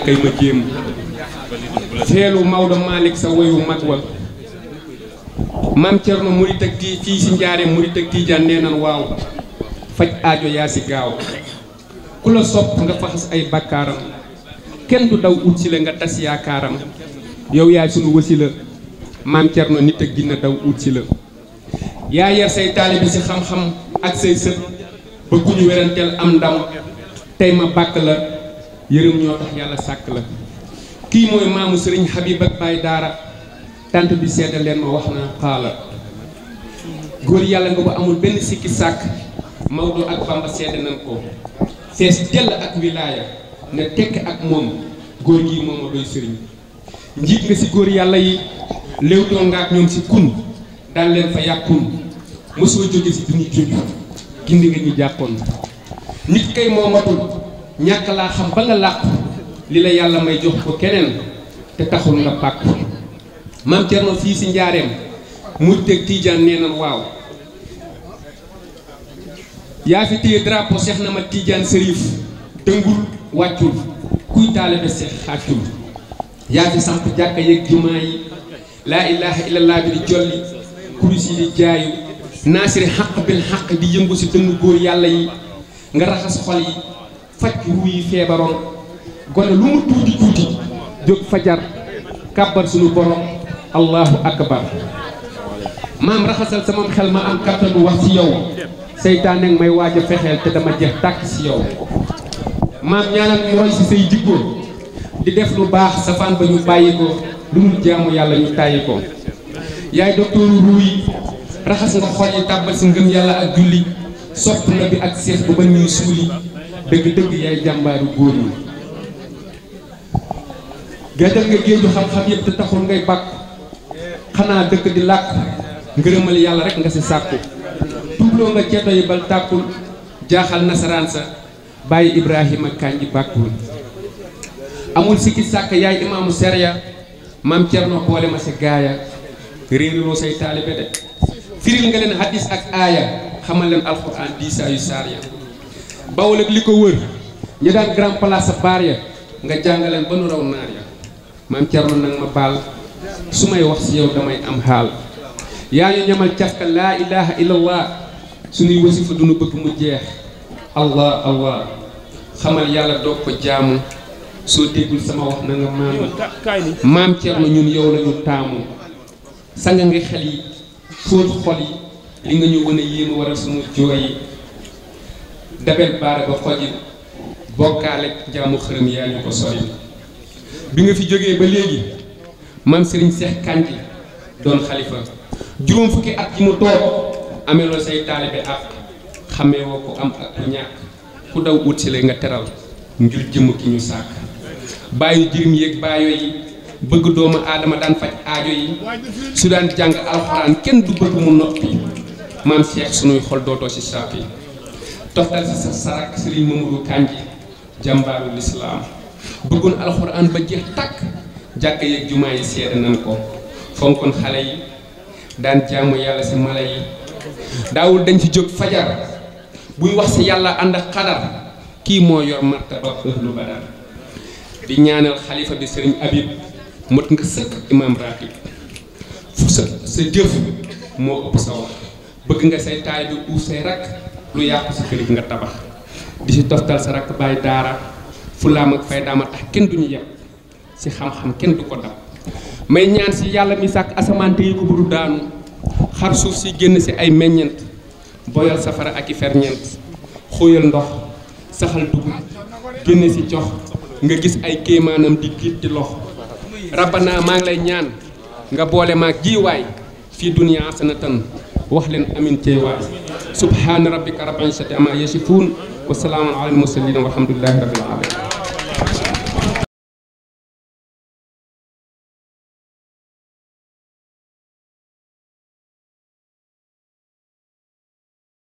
kay ma jéem teelu Maodo Malick sa woyu mag wa maam Thierno murit ak tii fii si njaare murit ak tiijaan nee nan waaw faj aajo yaa si gaaw ku la sopp nga faxas ay bakkaaram kenn du daw ut la nga tas yaakaaram yow yaay sunu wasila maam Thierno nit ak ginna daw ut la yaa yar say taalibe si xam-xam ak say sët ba ku ñu weranteel am ndam tey ma bàkk la yërëm ñoo tax yàlla sàkk la kii mooy maamu sëriñ Habib ak Baye Daara tant bi sedd leen ma wax naa xaala góor yàlla nga bu amul benn sikki sàkk Maodo ak Bamba sedd nañ ko fees dell ak wilaaya ne tekk ak moom góor gii moo a doy sëriñ njiit nga ci góor yàlla yi léew doo ñoom ci kun daal leen fa yàqun mosoo jóge ci duñu jóg gindi nga ñu jàppoon nit kay moo matul ñàkk laa xam ba nga li la yàlla may jox ko keneen te taxul nga bàkk maam Thierno fii si njaareem mujj teg Tidiane nee na waaw yaa fi téye drapeau Cheikh na ma Tidiane Serif dëngul wàccul kuy taalibe Cheikh xàccul yaa fi samp jàkka yeeg jumaa yi laa ilaha illallah bi di jolli kurus yi di jaayu naasiri xaq bil xaq di yëngu si dënnu góor yàlla yi nga raxas xol yi faj ruu yi feebaroon gone lu mu tuuti tuuti jóg fajar kàbbar suñu borom allahu akbar maam raxasal sama xel ma am kattanu wax ci yow seytaane may waaj a fexeel te dama jeex tàkk si yow maam ñaanal ñu roy si say jikko di def lu baax safaan ba ñu bàyyi ko lu mu jaamu yàlla ñu tàyyi ko yaay doktooru ruu raxas nga xol yi si ngëm yàlla ak julli sopp na bi ak seex ba ba ñuy suuli dëgg-dëgg yaay jàmbaaru góor yi gàddal nga géeju xam-xam yëpp te taxul ngay bàkk xanaa dëkk di làkk ngërëmal yàlla rek nga ci sàkku tuubloo nga ceeto yi bal tàkkul jaaxal nasaraan sa bàyyi ibrahima kanji bàkkul amul sikki sàkk yaay imaamu sereya maam cerno boole ma ci gaaya réeriloo say taalibe de firil nga leen hadis ak aaya xamal leen alquran diisaayu saar bawol li ko wër ñu daan grand place baar ya nga jàngaleen ba nu raw naar ya maam Thierno nag ma baal su may wax si yow damay am xaal yaa ñu ñamal cafka laa ilaha illallah suñuy wasifa du bëgg mu jeex allah allah xamal yàlla doog ko jaamu soo déggul sama wax na nga maamu maam Thierno ñun yow lañu taamu sanga nga xel yi fóot xol yi li nga ñu wane yéema waral suñu jooy yi dabel baara ba bokkaale jaamu xërëm yaa ñu ko sori bi nga fi jógee ba léegi maam Serigne Cheikh Kandji doon xalifa juróom fukki at yi mu toog ameloo say taalibe ak xamee woo am ak ku ñàkk ku daw ut si la nga teral ngir jëmm ki ñu sàkk bàyyi jirim yéeg bàyyoo yi bëgg doomu aadama daan faj aajo yi su daan jàng alxuraan kenn du bëgg noppi maam Cheikh sunuy xol dootoo si sàpp toftal si sa sarak sëriñ Mamadou Kandji jàmbaaru lislaam bëggoon alxuraan ba jeex takk jàkka yeeg jumaa yi seede nan ko fonkoon xale yi daan jaamu yàlla si mala yi daawul dañ ci jóg fajar buy wax si yàlla ànd ak kii moo yor martaba ëhlu badar di ñaanal xalifa bi sëriñ Habib mot nga sëkk imam ratib fu sa sa jëf moo ëpp sa wax bëgg nga say taay bi uuf rakk lu yàqu sa kër nga tabax di si toftal sa rakk bàyyi daara fulaam ak faydaama tax kenn duñu yem si xam-xam kenn du ko dab may ñaan si yàlla mi sàkk asamaan te yi ko buru daanu xar suuf si génn si ay meññeent boyal safara ak i ferñeent xóoyal ndox saxal dugub génne si cox nga gis ay kéemaanam di giit di lox rabbana maa ngi lay ñaan nga boole maag jiwaay fii duniya hasanatan wax leen amin cey subhaana rabbika rabbil izzati amma yasifuun wa salaamun alal mursaliin walhamdulillahi rabbil aalamiin